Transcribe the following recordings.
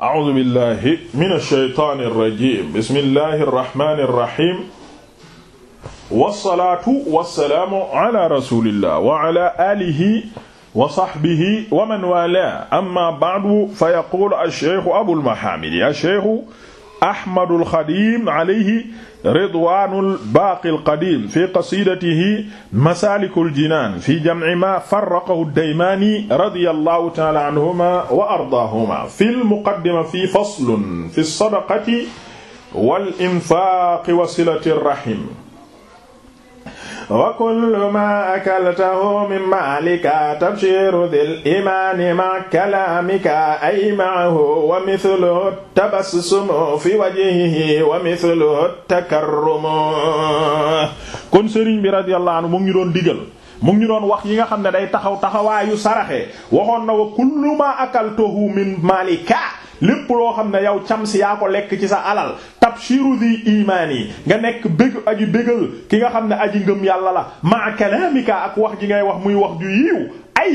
a'uuzu billahi mina shaytaani rajiim bismillahi rahmaani rahiim wasalaatu wasalaamu ala rasulillah wa ala alihi wa sahbihi wa man waalaahu amma ba'du fa yaquulu ash-shaykhu abul mahaamid ash-shaykhu ahmadul xadim alayhi ridwanul baaqil qadim fi qasidatihi masalikul jinan fi jam'i ma farraqahu ad-daymani radiyallahu ta'ala anhuma wa ardaahuma fil muqaddima fi faslun fi sadaqati wal infaqi wa silati rahim wa kullu ma akaltahu min maalika tabshiru dhil imaani ma kalaamika ay ma'ahu wa mithluhu tabassumu fi wajhihi wa mithluhu takarrumu kon sëriñ bi radiyallahu anhu mu ngi doon digal mu ngi doon wax yi nga xam ne day taxaw taxawaayu saraxe waxoon na wa kullu ma akaltahu min maalika lépp loo xam ne yow cam si yaa ko lekk ci sa alal tabshiru di imaan yi nga nekk bëgg aji bëggal ki nga xam ne aji ngëm yàlla la ma kalaamika ak wax ji ngay wax muy wax ju yiw ay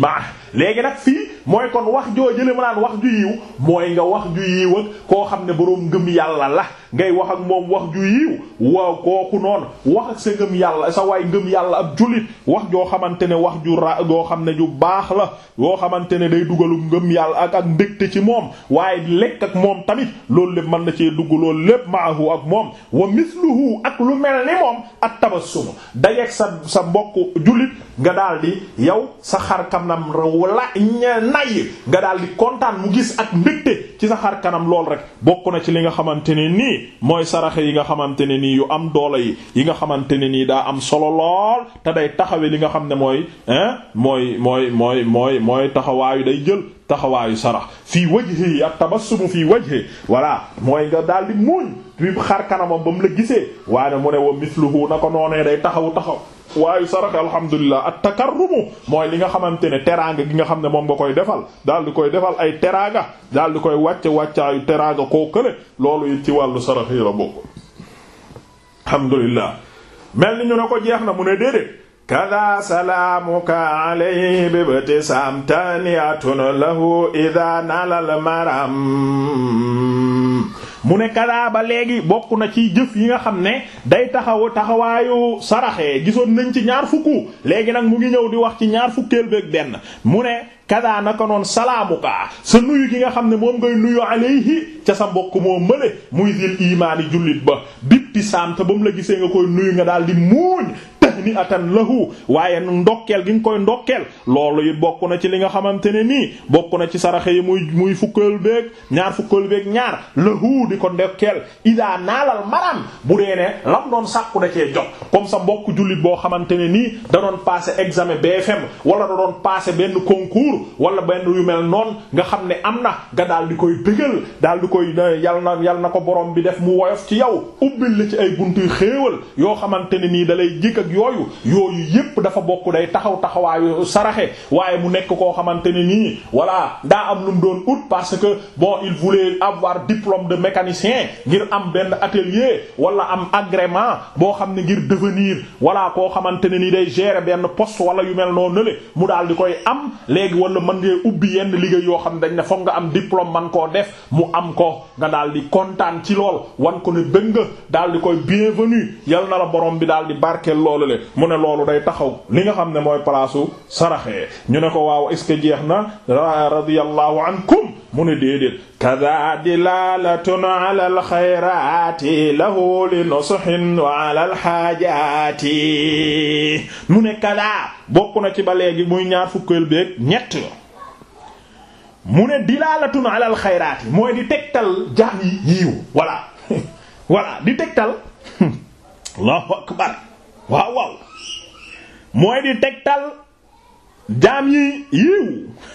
ma léegi nag fii mooy kon wax joo jële ma naan wax ju yiw mooy nga wax ju yiw ak koo xam ne boroom ngëm yàlla la ngay wax ak moom wax ju yiw waaw kooku noonu wax ak sa ngëm yàlla sa waay ngëm yàlla ak jullit wax joo xamante ne wax ju ra joo xam ne ju baax la yoo xamante ne day dugalu ngëm yàlla ak ak mbégte ci moom waaye lekk ak moom tamit loolu lépp mën na cee dugg lépp maahu ak moom wa misluhu ak lu mel ni moom ak tabassum dajeeg sa sa mbokk jullit nga daal di yow sa xar kanam raw la nay nga daal di kontaan mu gis ak mbégte ci sa xar kanam lool rek bokk na ci li nga xamante ne nii mooy saraxe yi nga xamante ne nii yu am doole yi yi nga xamante ne nii daa am solo lool te day taxawe li nga xam ne mooy mooy mooy mooy mooy mooy taxawaayu day jël taxawaayu sarax fii wajhi ak tabassumu fii wajhi voilà mooy nga daal di muuñ bi xar kanamam ba mu la gisee waaye mu ne wa misluhu na ko noonee day taxawu taxaw waaye saraka alhamdulilah at takarrumu mooy li nga xamante ne teraanga gi nga xam ne moom nga koy defal daal di koy defal ay teraanga daal di koy wàcce wàccaayu teraanga koo kële loolu it ci wàllu sarax yi la bokk alhamdulilah ni ñu ne ko jeex na mu ne déedéet kada salaamuka alayhi bibtisaam taniyatun lahu idha nalal maram mu ne kadaa ba léegi bokk na ci jëf yi nga xam ne day taxaw taxawaayu saraxee gisoon nañ ci ñaar fukku léegi nag mu ngi ñëw di wax ci ñaar fukkeel beeg benn mu ne kada naka noon salaamuka sa nuyu gi nga xam ne moom ngay nuyu alayhi ca sa mbokk moo mële muy dil imaani jullit ba bitti saam te ba mu la gisee nga koy nuyu nga daal di muuñ tahni'atan lahu waaye ndokkeel gi nga koy ndokkeel loolu yi bokk na ci li nga xamante ne nii bokk na ci saraxe yi muy muy fukkal beeg ñaar fukkal beeg ñaar lahu di ko ndokkeel idaa naalal maram bu dee ne lam doon sàkku da cee jot comme sa bokk jullit boo xamante ne nii da doon passé examen BFM wala da doon passé benn concours wala benn yu mel noonu nga xam ne am na nga daal di koy bégal daal di koy yal na yal na ko borom bi def mu woyof ci yow ubbil la ay buntuy yoo xamante ne nii da lay jik yooyu yooyu yépp dafa bokk day taxaw taxawaayu saraxe waaye mu nekk koo xamante ne nii voilà daa am lu mu doon ut parce que bon il voulait avoir diplôme de mécanicien ngir am benn atelier wala am agrément boo xam ne ngir devenir walaa koo xamante ne nii day gérer benn post wala yu mel noonu le mu daal di koy am léegi wala man ngay ubbi yenn liggéey yoo xam ne dañ ne fokk nga am diplôme man koo def mu am ko nga daal di kontaan ci lool wan ko ne bëgg nga fële mu ne loolu day taxaw li nga xam ne mooy palaasu saraxee ñu ne ko waaw est-ce que jeex na radiyallahu ankum mu ne déedéet kada dilalatun ala ne kada bokk na ci ba léegi muy ñaar ñett mu ne dilaalatun di tegtal jaam di tegtal allahu akbar waaw waaw mooy di tegtal jaam yi yiiw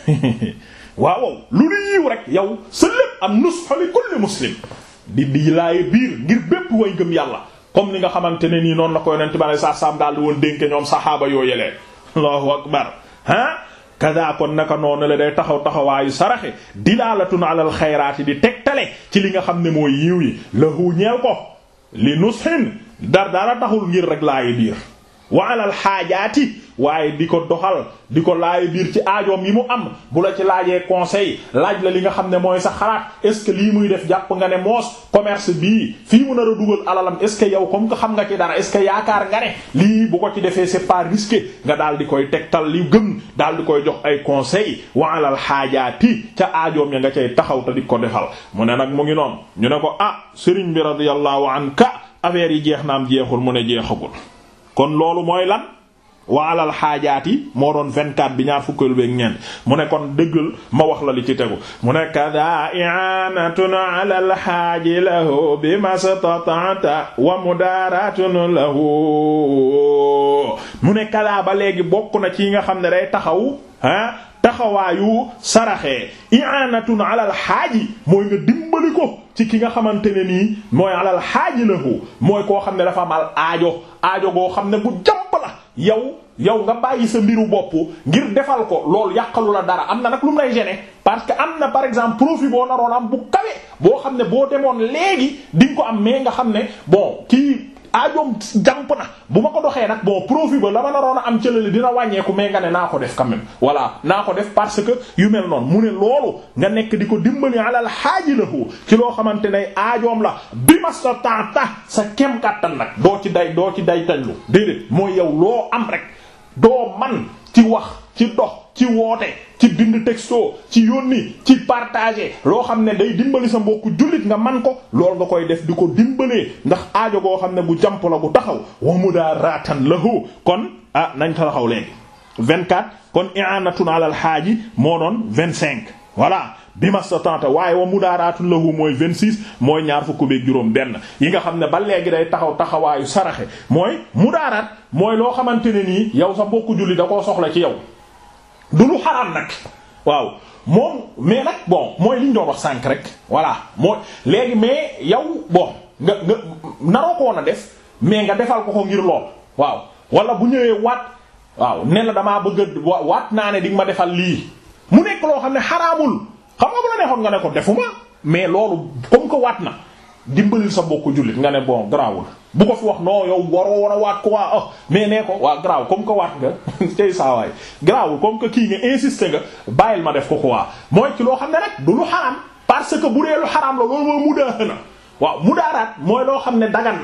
waaw waaw lu lu yiiw rek yow sa lépp am nusxa li kulli muslim di di biir ngir bépp way gëm yàlla comme li nga xamante ne nii noon la ko yonent bi alei sat daal di woon dénke ñoom saxaaba yoo yelee allahu akbar ah kada kon naka noonu la day taxaw taxawaayu saraxe dilaalatun alal xayraati di tegtale ci li nga xam ne mooy yiiw yi lahu ñeel ko li nushin dar dara taxul ngir rek laayi biir wa alal xaajaati waaye di ko doxal di ko laaye biir ci aajoom yi mu am bu la ci laajee conseil laaj la li nga xam ne mooy sax xalaat est ce que lii muy def jàpp nga ne moos commerce bii fii mu nar a dugal alalam est ce que yow comme que xam nga ci dara est ce que yaakaar nga ne lii bu ko ci defee c'est pas nga daal di koy tegtal li gëm daal di koy jox ay conseil wa alal xaajaati ca aajoom ya nga cay taxaw te di ko defal mu ne nag mu ngi noonu ñu ne ko a ah, sëriñ bi radiyallahu anka affaire yi jeex naam jeexul mu ne jeexagul kon loolu mooy wa alal xaajaati moo doon 24 bi ñaar fukkal beeg ñeent mu ne kon dëggal ma wax la li ci tegu mu ne kada i'anatun alal xaaji lahu bi mastata'ta wa mudaratun lahu mu ne kada ba léegi bokk na ci nga xam ne day taxaw ah taxawaayu saraxee i'anatun alal xaaji mooy nga dimbali ko ci ki nga xamante ne nii mooy alal xaaji lahu mooy koo xam ne dafa mal aajo aajo goo xam ne bu jam yow yow nga bàyyi sa mbiru bopp ngir defal ko loolu yàqalu la dara am na nag lu mu lay gêner parce que am na par exemple profit boo naroon am bu kawe boo xam ne boo demoon léegi di ko am mais nga xam ne bon kii. aajoom jàmp na bu ma ko doxee nag boo profit ba la ma naroon a am cëlali dina wàññeeku mais nga ne naa ko def quand même voilà naa ko def parce que yu mel noonu mu ne loolu nga nekk di ko dimbali alal xaaji lahu ci loo xamante ne aajoom la bi ma sa tanta sa kem kàttan nag doo ci day doo ci day tañlu déedéet mooy yow loo am rek doo man ci wax ci dox ci woote ci bind texto ci yónni ci partage loo xam ne day dimbali sa mbokku jullit nga man ko lool nga koy def di ko dimbalee ndax aajo goo xam ne bu jàmp la bu taxaw wa mudaaratan lahu kon ah nañ taxaw léegi 24 kon i'anatun alal haaji moo doon 25 voilà bi ma sa tante waaye wa mudaaraatun lahu mooy vingt 26 mooy ñaar fukk beeg juróom benn yi nga xam ne ba léegi day taxaw taxawaayu saraxe mooy mudaaraat mooy loo xamante ne nii yow sa mbokku julli da koo soxla ci yow du lu xaraam nag waaw moom mais nag bon mooy li ñu wax sànq rek voilà moo léegi mais yow bon nga nga naroo ko woon a def mais nga defal ko ko ngir lool waaw wala bu ñëwee waat waaw ne na damaa bëgg a waat naa ne di nga ma defal lii mu nekk loo xam ne xaraamul xam nga nga ne ko defuma mais loolu comme ko waat na. dimbalil sa mbokku jullit nga ne boo garaawul bu ko fi wax non yow waroo a waat ko waa oh, mais nee ko waa garaaw comme que waat nga tey saawaay garaawul comme que kii nga insister nga bàyyil ma def ko ko loo xam ne rek du parce que bu dee lu xaram la loolu mooy mudaaxana waaw mudaaraat mooy loo xam ne dagan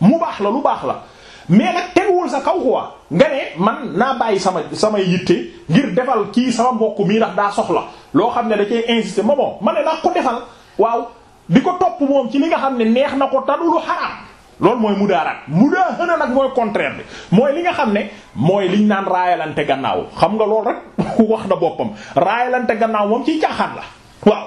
mu baax la lu baax la mais nag sa kaw quoi nga ne man naa bàyyi sama samay yitte ngir defal ci sama mbokk mii ndax daa soxla loo xam ne da cee insister ma bon ma ko defal waaw di ko topp moom ci li nga xam ne neex na ko tadulu xaraam loolu mooy mudaaraat mudaahana nag mooy contraire bi mooy li nga xam ne mooy liñ naan raayalante gannaaw xam nga loolu rek wax na boppam raayalante gannaaw moom ciy caaxaan la waaw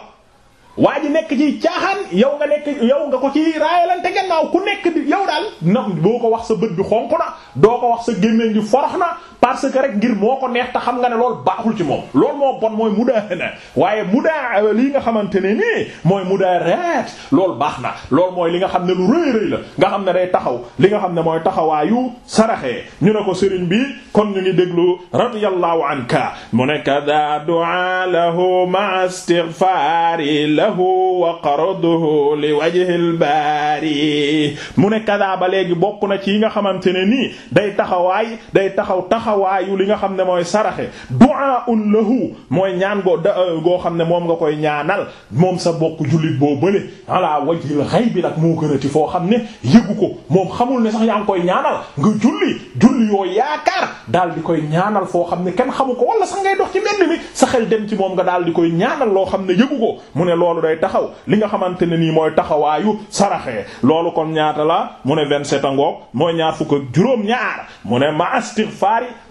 waa ji nekk ci caaxaan yow nga nekk yow nga ko ci raayalante gannaaw ku nekk di yow daal na boo ko wax sa bët bi xonq na doo ko wax sa gémmiñ gi forox na parce que rek ngir moo ko neex te xam nga ne loolu baaxul ci moom loolu moo bon mooy mudaahana waaye mudaa euh, lii nga xamante ne nii mooy mudaaraat loolu baax na loolu mooy li nga xam ne lu rëy rëy la nga xam ne day taxaw li nga xam ne mooy taxawaayu saraxee ñu ne ko sëriñ bi kon ñu ngi déglu radiyallahu anka mu ne kada du'a lahu ma'a istighfari lahu wa qarduhu li wajhil baari mu ne kada ba léegi bokk na ci yi nga xamante ne nii day taxawaay day taxaw taxaw taxawaayu li nga xam ne mooy saraxe du'aa'un lahu mooy ñaan goo da euh, goo xam ne moom nga koy ñaanal moom sa bokk jullit boo bële ala wajhil bi nag moo gën a ti foo xam ne yëgu ko moom xamul ne sax yaa ngi koy ñaanal nga julli julli yoo yaakaar daal di koy ñaanal foo xam ne kenn xamu ko wala sax ngay dox ci mbedd mi sa xel dem ci moom nga daal di koy ñaanal loo xam ne yëgu ko mu ne loolu day taxaw li nga xamante ne nii mooy taxawaayu saraxe loolu kon ñaata la mu ne 27 angoog mooy ñaar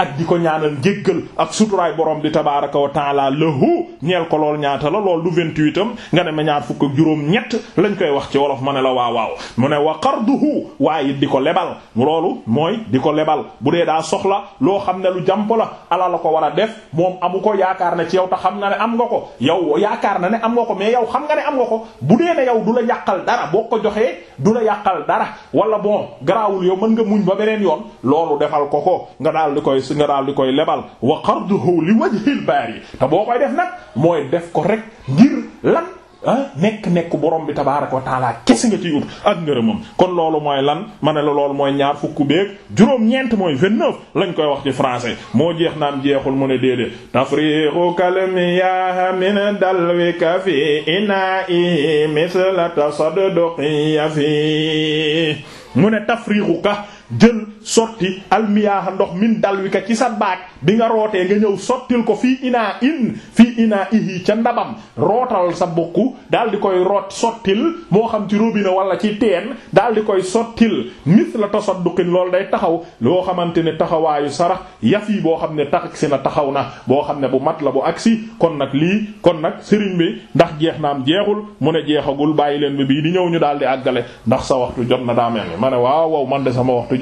ak di ko ñaanal njéggal ak suturaay borom bi tabaaraka wa taala lahu ñeel ko lool ñaata la lool du vingt-huit am nga ne ma ñaar fukk ak juróom ñett lañ koy wax ci wolof ma ne la waaw waaw mu ne wa qarduhu waaye it di ko lebal loolu mooy di ko lebal bu dee daa soxla loo xam ne lu jàmp la ala ko war a def moom amu ko yaakaar na ci yow tax xam nga ne am nga ko yow yaakaar na ne am nga ko mais yow xam nga ne am nga ko bu dee ne yow du la yàqal dara boo ko joxee du la dara wala bon garaawul yow mën nga ba beneen yoon nga daal di koy lebal wa qarduhu li wajhil baari te boo koy def nag mooy def ko rek ngir lan ah nekk nekk borom bi tabaaraka wa taala kese nga ciy ut ak ngërëmam kon loolu mooy lan ma ne la loolu mooy ñaar fukk beeg juróom-ñeent mooy vingt-neuf koy wax ci français moo jeex naam jeexul mu ne déedéet tafriixu kalmiyaah min dalwika fi inaa'i misla tasadduqi fi mu ne tafriixu ka jël sotti almiyaaha ndox min dalwika ci sa baag bi nga rootee nga ñëw sottil ko fii inaa in fii inaa ihi ca ndabam rootal sa bokku daal di koy root sottil moo xam ci robinet wala ci teen daal di koy sottil la mithla tasadduqin lool day taxaw loo xamante ne taxawaayu sarax yaf yi boo xam ne taxsi na taxaw na boo xam ne bu mat la bu agsi kon nag lii kon nag sëriñ bi ndax jeex naam jeexul mu ne jeexagul bàyyi leen bi bii di ñëw ñu daal di àggale ndax sa ne